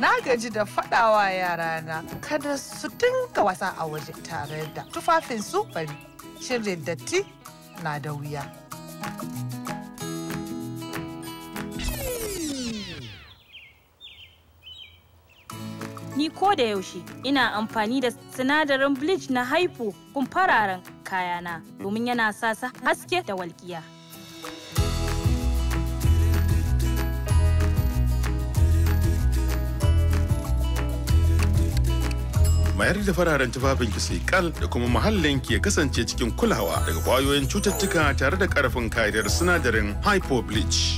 na gaji da faɗawa yarana kada su dinga wasa a waje tare da tufafinsu su bari shirin datti na da wuya. ni ko da yaushe ina amfani da sinadarin bleach na haifu kun fararen kayana domin yana sa haske da walƙiya. mayar da fararen tufafinki sai kal da kuma muhallinki ya kasance cikin kulawa daga kwayoyin cututtuka tare da karfin kariyar sinadarin hypo bleach.